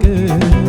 forget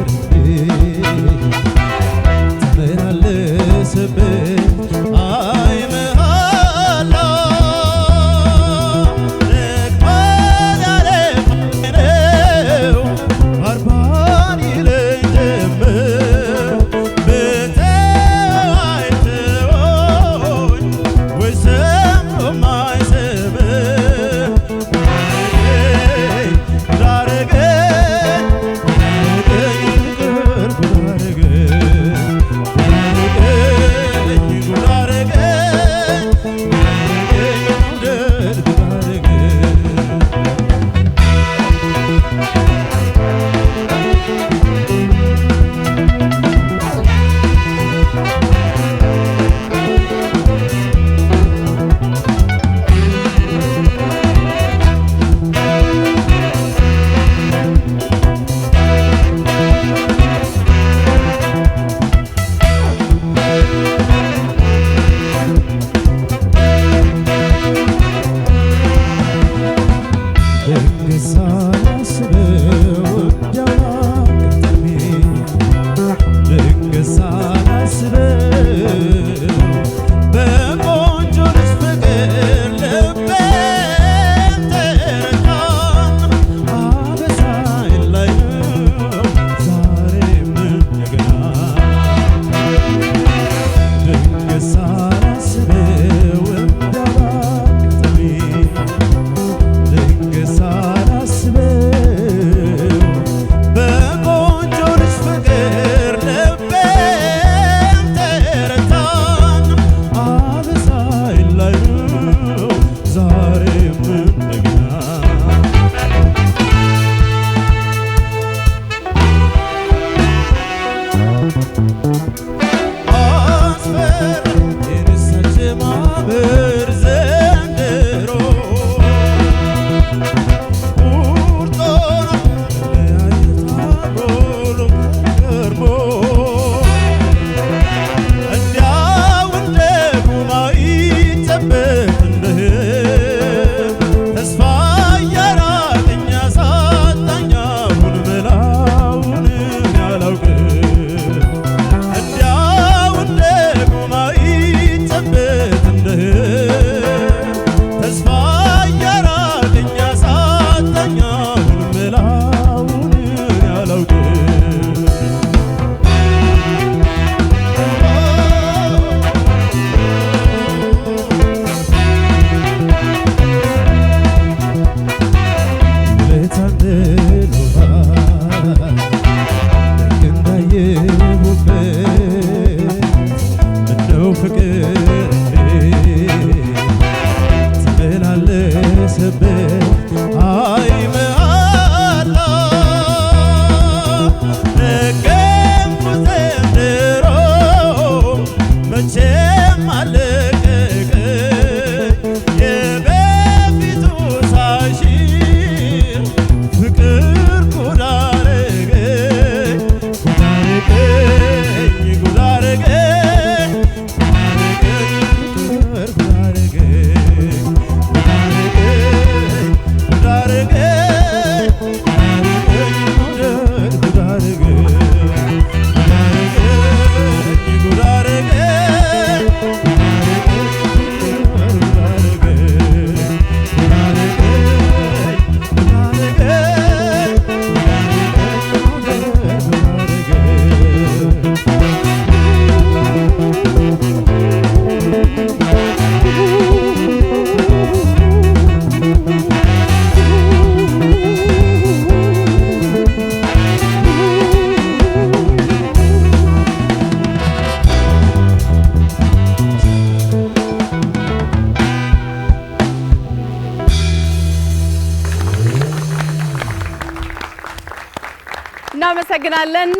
እናመሰግናለን።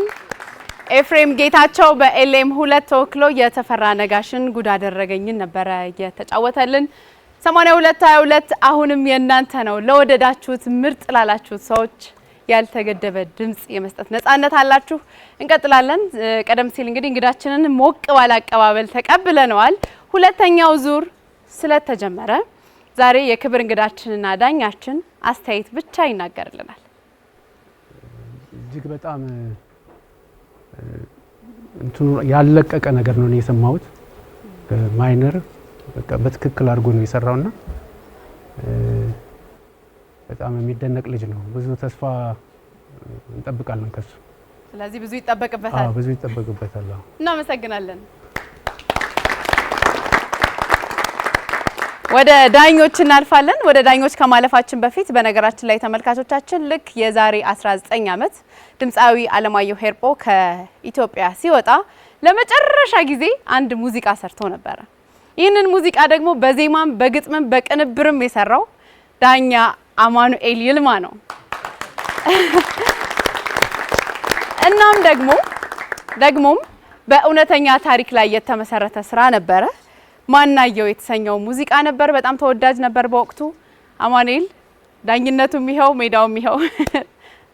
ኤፍሬም ጌታቸው በኤልኤም ሁለት ተወክሎ የተፈራ ነጋሽን ጉድ አደረገኝን ነበረ የተጫወተልን። 82 22 አሁንም የእናንተ ነው። ለወደዳችሁት ምርጥ ላላችሁት ሰዎች ያልተገደበ ድምጽ የመስጠት ነጻነት አላችሁ። እንቀጥላለን። ቀደም ሲል እንግዲህ እንግዳችንን ሞቅ ባለ አቀባበል ተቀብለነዋል። ሁለተኛው ዙር ስለተጀመረ ዛሬ የክብር እንግዳችንና ዳኛችን አስተያየት ብቻ ይናገርልናል። እጅግ በጣም እንትኑ ያለቀቀ ነገር ነው የሰማሁት። ማይነር በቃ በትክክል አድርጎ ነው የሰራውና በጣም የሚደነቅ ልጅ ነው። ብዙ ተስፋ እንጠብቃለን ከሱ። ስለዚህ ብዙ ይጠበቅበታል። አዎ ብዙ ይጠበቅበታል። እናመሰግናለን። ወደ ዳኞች እናልፋለን። ወደ ዳኞች ከማለፋችን በፊት በነገራችን ላይ ተመልካቾቻችን ልክ የዛሬ 19 ዓመት ድምፃዊ አለማየሁ ሄርጶ ከኢትዮጵያ ሲወጣ ለመጨረሻ ጊዜ አንድ ሙዚቃ ሰርቶ ነበረ። ይህንን ሙዚቃ ደግሞ በዜማም በግጥምም በቅንብርም የሰራው ዳኛ አማኑኤል ይልማ ነው። እናም ደግሞ ደግሞም በእውነተኛ ታሪክ ላይ የተመሰረተ ስራ ነበረ። ማናየው የተሰኘው ሙዚቃ ነበር። በጣም ተወዳጅ ነበር በወቅቱ። አማኑኤል ዳኝነቱም ይኸው ሜዳውም ይኸው።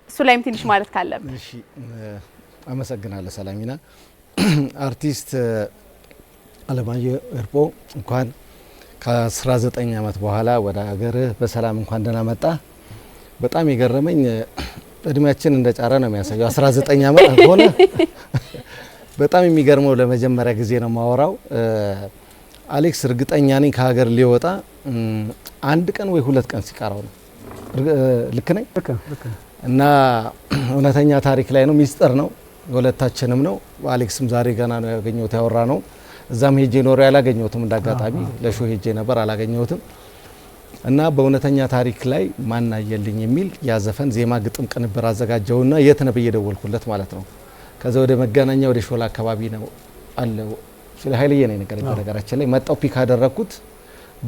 እሱ ላይም ትንሽ ማለት ካለብ። እሺ፣ አመሰግናለሁ ሰላሚና። አርቲስት አለማየሁ እርቦ እንኳን ከ19 ዓመት በኋላ ወደ ሀገርህ በሰላም እንኳን ደህና መጣ። በጣም የገረመኝ እድሜያችን እንደ ጫረ ነው የሚያሳየው። 19 ዓመት ሆነ። በጣም የሚገርመው ለመጀመሪያ ጊዜ ነው ማወራው አሌክስ እርግጠኛ ነኝ ከሀገር ሊወጣ አንድ ቀን ወይ ሁለት ቀን ሲቀራው ነው። ልክ ነኝ እና እውነተኛ ታሪክ ላይ ነው፣ ሚስጥር ነው፣ የሁለታችንም ነው። አሌክስም ዛሬ ገና ነው ያገኘሁት፣ ያወራ ነው። እዛም ሄጄ ኖሮ እንደ እንዳጋጣሚ ለሾ ሄጄ ነበር፣ አላገኘሁትም። እና በእውነተኛ ታሪክ ላይ ማናየልኝ የሚል ያዘፈን ዜማ፣ ግጥም፣ ቅንብር አዘጋጀውና የት ነው ብዬ ደወልኩለት ማለት ነው። ከዛ ወደ መገናኛ ወደ ሾላ አካባቢ ነው አለው ስለ ኃይልዬ ነው የነገረኝ። በነገራችን ላይ መጣው ፒክ ያደረግኩት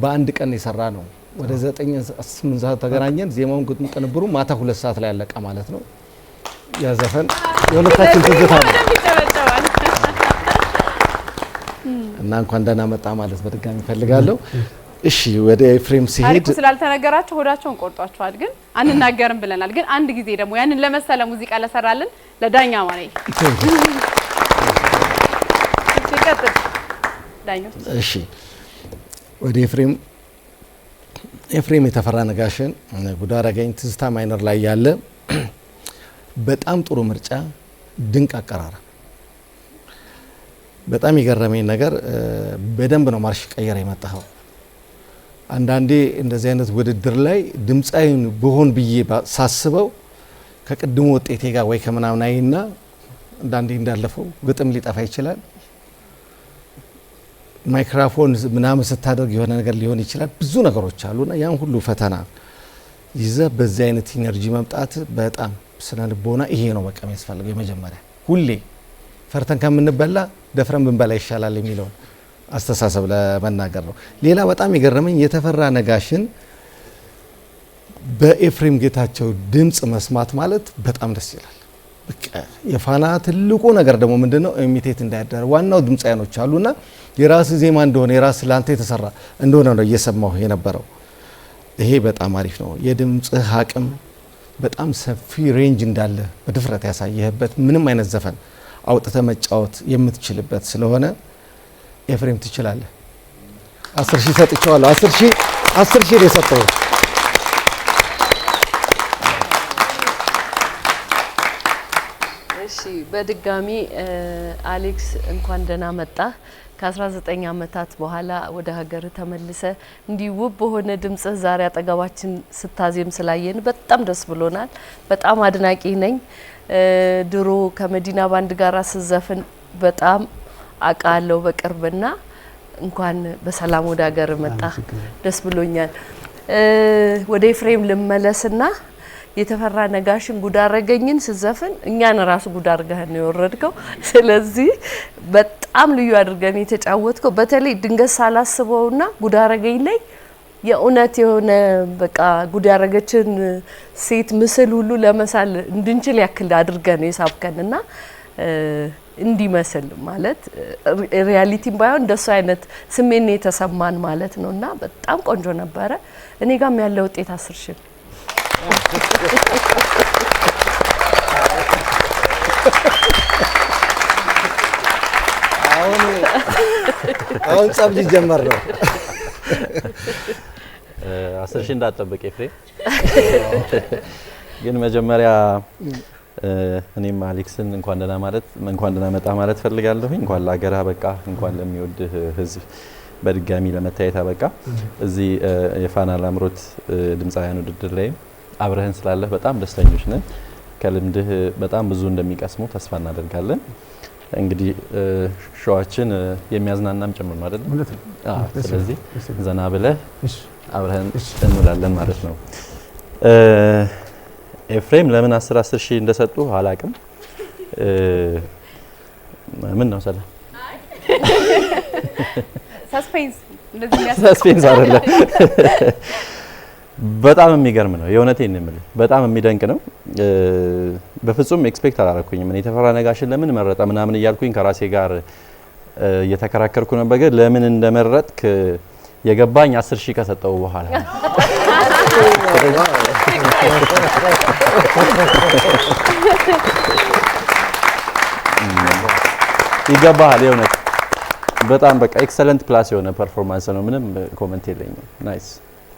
በአንድ ቀን የሰራ ነው። ወደ ዘጠኝ ስምንት ሰዓት ተገናኘን። ዜማውን ቅንብሩ ማታ ሁለት ሰዓት ላይ ያለቀ ማለት ነው። ያ ዘፈን የሁለታችን ትዝታ ነው እና እንኳን ደህና መጣ ማለት በድጋሚ እፈልጋለሁ። እሺ ወደ ኤፍሬም ሲሄድ ስላልተነገራቸው ሆዳቸውን ቆርጧቸዋል። ግን አንናገርም ብለናል። ግን አንድ ጊዜ ደግሞ ያንን ለመሰለ ሙዚቃ ለሰራልን ለዳኛ ማነይ ዳኞች። እሺ ወደ ኤፍሬም ኤፍሬም የተፈራ ነጋሽን ጉዳር አረገኝ ትዝታ ማይነር ላይ ያለ በጣም ጥሩ ምርጫ፣ ድንቅ አቀራረብ። በጣም የገረመኝ ነገር በደንብ ነው ማርሽ ቀየር የመጣኸው። አንዳንዴ እንደዚህ አይነት ውድድር ላይ ድምፃዊን ብሆን ብዬ ሳስበው ከቅድሞ ውጤቴ ጋር ወይ ከምናምን አይና አንዳንዴ እንዳለፈው ግጥም ሊጠፋ ይችላል ማይክራፎን ምናምን ስታደርግ የሆነ ነገር ሊሆን ይችላል። ብዙ ነገሮች አሉና ያን ሁሉ ፈተና ይዘ በዚህ አይነት ኢነርጂ መምጣት በጣም ስነ ልቦና ይሄ ነው በቃ የሚያስፈልገው። የመጀመሪያ ሁሌ ፈርተን ከምንበላ ደፍረን ብንበላ ይሻላል የሚለውን አስተሳሰብ ለመናገር ነው። ሌላ በጣም የገረመኝ የተፈራ ነጋሽን በኤፍሬም ጌታቸው ድምፅ መስማት ማለት በጣም ደስ ይላል። የፋና ትልቁ ነገር ደግሞ ምንድነው? ኢሚቴት እንዳያደር ዋናው ድምፃያኖች አሉና የራስ ዜማ እንደሆነ የራስ ለአንተ የተሰራ እንደሆነ ነው እየሰማሁ የነበረው። ይሄ በጣም አሪፍ ነው። የድምፅህ አቅም በጣም ሰፊ ሬንጅ እንዳለ በድፍረት ያሳየህበት ምንም አይነት ዘፈን አውጥተ መጫወት የምትችልበት ስለሆነ ኤፍሬም ትችላለህ። አስር ሺህ ሰጥቼዋለሁ። አስር ሺህ አስር ሺህ እሺ በድጋሚ አሌክስ እንኳን ደህና መጣ። ከ19 ዓመታት በኋላ ወደ ሀገር ተመልሰ እንዲህ ውብ በሆነ ድምጽህ ዛሬ አጠገባችን ስታዜም ስላየን በጣም ደስ ብሎናል። በጣም አድናቂ ነኝ። ድሮ ከመዲና ባንድ ጋር ስዘፍን በጣም አቃለው በቅርብና እንኳን በሰላም ወደ ሀገር መጣ። ደስ ብሎኛል። ወደ ኤፍሬም ልመለስና የተፈራ ነጋሽን ጉዳረገኝን ስዘፍን እኛን ራሱ ጉዳርገህን የወረድከው። ስለዚህ በጣም ልዩ አድርገን የተጫወትከው በተለይ ድንገት ሳላስበውና ጉዳረገኝ ላይ የእውነት የሆነ በቃ ጉድ ያረገችን ሴት ምስል ሁሉ ለመሳል እንድንችል ያክል አድርገን ነው የሳብከን ና እንዲመስል ማለት ሪያሊቲም ባይሆን እንደሱ አይነት ስሜት የተሰማን ማለት ነው። እና በጣም ቆንጆ ነበረ። እኔ ጋም ያለ ውጤት አስር አሁን ጸብ ሊጀመር ነው። አስር ሺህ እንዳትጠብቅ ኤፍሬም። ግን መጀመሪያ እኔም አሌክስን እንኳን ደህና ማለት እንኳን ደህና መጣ ማለት ፈልጋለሁኝ። እንኳን ለሀገር በቃ እንኳን ለሚወድህ ህዝብ በድጋሚ ለመታየት አበቃ። እዚህ የፋና ላምሮት ድምፃውያን ውድድር ላይም አብረህን ስላለህ በጣም ደስተኞች ነን። ከልምድህ በጣም ብዙ እንደሚቀስሙ ተስፋ እናደርጋለን። እንግዲህ ሸዋችን የሚያዝናናም ጭምር ነው አይደለም? ስለዚህ ዘና ብለህ አብረህን እንውላለን ማለት ነው። ኤፍሬም ለምን አስር አስር ሺህ እንደሰጡ አላቅም። ምን ነው ሰላም ሰስፔንስ አይደለም በጣም የሚገርም ነው። የእውነቴን የምልህ በጣም የሚደንቅ ነው። በፍጹም ኤክስፔክት አላረኩኝ ምን የተፈራ ነጋሽን ለምን መረጠ ምናምን እያልኩኝ ከራሴ ጋር እየተከራከርኩ ነበር። ግን ለምን እንደመረጥክ የገባኝ አስር ሺህ ከሰጠው በኋላ ይገባሃል። የእውነት በጣም በቃ ኤክሰለንት ፕላስ የሆነ ፐርፎርማንስ ነው። ምንም ኮመንት የለኝም። ናይስ